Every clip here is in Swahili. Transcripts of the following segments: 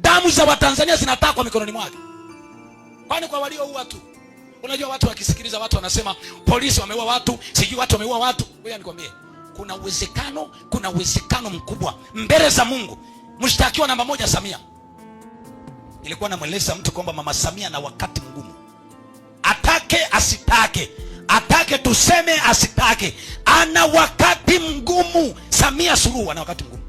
damu za watanzania zinatakwa mikononi mwake kwani kwa walioua tu unajua watu wakisikiliza watu wanasema polisi wameua watu sijui watu wameua watu ngoja nikwambie kuna uwezekano kuna uwezekano mkubwa mbele za mungu mshtakiwa namba moja samia ilikuwa namweleza mtu kwamba mama samia na wakati mgumu atake asitake atake tuseme asitake ana wakati mgumu samia suluhu ana wakati mgumu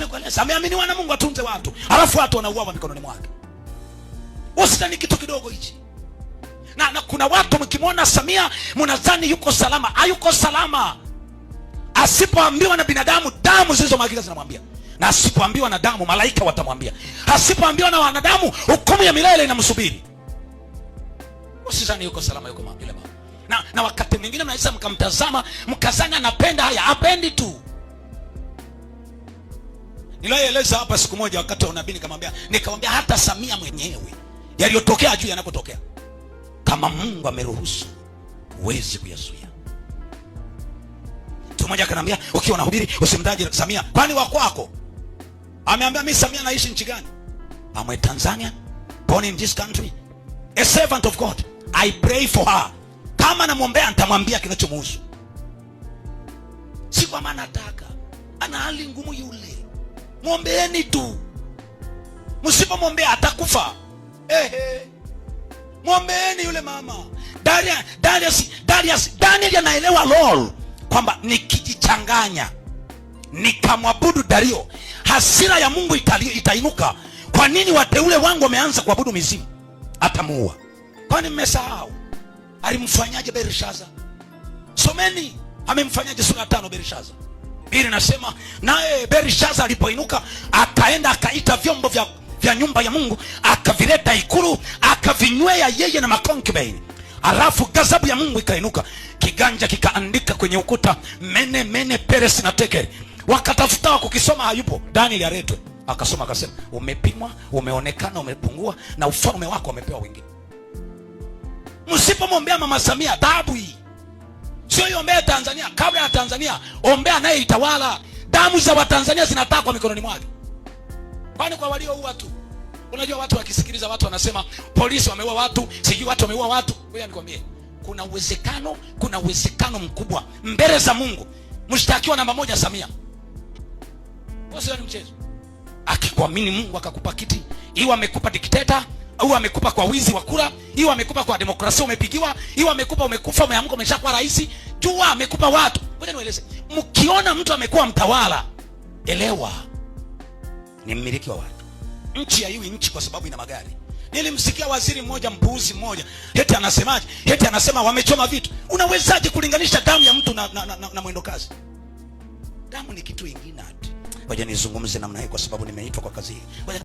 Nikueleza, yaani ameaminiwa na Mungu atunze watu, alafu watu wanauawa mikononi mwake. Usidhani kitu kidogo hichi. Na, na kuna watu mkimwona Samia mnadhani yuko salama. Hayuko salama. Asipoambiwa na binadamu, damu zilizomwagika zinamwambia, na asipoambiwa na damu, malaika watamwambia. Asipoambiwa na wanadamu, hukumu ya milele inamsubiri. Usidhani yuko salama, yuko mama. Na, na wakati mwingine mnaweza mkamtazama mkazani, anapenda haya, apendi tu. Nilaeleza hapa siku moja wakati wa unabii nikamwambia, nikamwambia hata Samia mwenyewe yaliyotokea juu yanapotokea kama Mungu ameruhusu huwezi kuyazuia. Mtu mmoja akaniambia, ukiwa unahubiri usimtaje Samia, kwani wa kwako? Ameambia mimi Samia naishi nchi gani? I'm a Tanzania, born in this country, a servant of God. I pray for her. Kama namwombea nitamwambia kinachomhusu. si kwa maana nataka, ana hali ngumu yule mwombeeni tu, msipomwombea atakufa. Ehe, mwombeeni yule mama. Darius, Darius, Daniel anaelewa lol kwamba nikijichanganya nikamwabudu Dario, hasira ya Mungu itali, itainuka. Kwa nini wateule wangu wameanza kuabudu mizimu? Atamuua. Kwani mmesahau alimfanyaje Berishaza? Someni amemfanyaje sura tano Berishaza mbili nasema, naye berishaza alipoinuka akaenda akaita vyombo vya, vya nyumba ya Mungu akavileta ikulu akavinywea yeye na makonkibeni. Alafu gazabu ya Mungu ikainuka, kiganja kikaandika kwenye ukuta mene mene peres na tekeri. Wakatafuta wa kukisoma, hayupo. Danieli aletwe, akasoma akasema, umepimwa, umeonekana umepungua, na ufalme wako wamepewa wengine. Msipomwombea Mama Samia adhabu usiyoiombea Tanzania kabla ya Tanzania, ombea naye itawala. Damu za Watanzania zinatakwa mikononi mwake, kwani kwa walio huwa tu. Unajua watu wakisikiliza, watu wanasema polisi wameua watu, sijui watu wameua watu. Ngoja nikwambie, kuna uwezekano, kuna uwezekano mkubwa mbele za Mungu mshtakiwa namba moja Samia, sio ni mchezo. Akikuamini Mungu akakupa kiti, iwe amekupa dikteta au amekupa kwa wizi wa kura, iwe amekupa kwa demokrasia umepigiwa, iwe amekupa umekufa, umeamka, umeshakuwa rais, jua amekupa watu nieleze mkiona mtu amekuwa mtawala elewa ni mmiliki wa watu nchi haiwi nchi kwa sababu ina magari nilimsikia waziri mmoja mpuuzi mmoja heti anasemaje heti anasema wamechoma vitu unawezaje kulinganisha damu ya mtu na, na, na, na, na mwendo kazi damu ni kitu ingine ngoja nizungumze namna hii kwa sababu nimeitwa kwa kazi hii